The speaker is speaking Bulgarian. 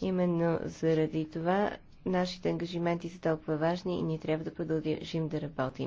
Именно заради това нашите ангажименти са толкова важни и ние трябва да продължим да работим.